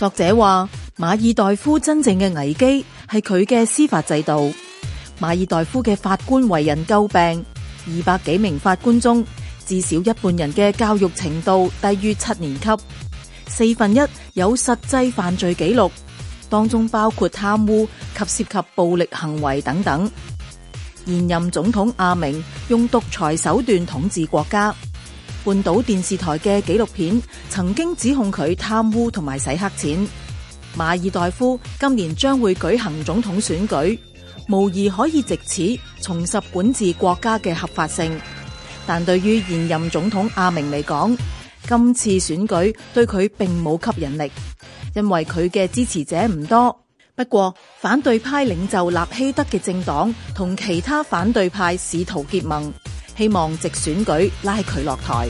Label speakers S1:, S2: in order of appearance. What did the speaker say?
S1: 作者話：馬爾代夫真正嘅危機係佢嘅司法制度。馬爾代夫嘅法官為人詬病，二百幾名法官中至少一半人嘅教育程度低於七年級，四分一有實際犯罪記錄，當中包括貪污及涉及暴力行為等等。現任總統亞明用獨裁手段統治國家。半島電視台嘅紀錄片曾經指控佢貪污同埋洗黑錢。馬爾代夫今年將會舉行總統選舉，無疑可以借此重拾管治國家嘅合法性。但對於現任總統阿明嚟講，今次選舉對佢並冇吸引力，因為佢嘅支持者唔多。不過反對派領袖納希德嘅政黨同其他反對派試圖結盟。希望直選舉拉佢落台。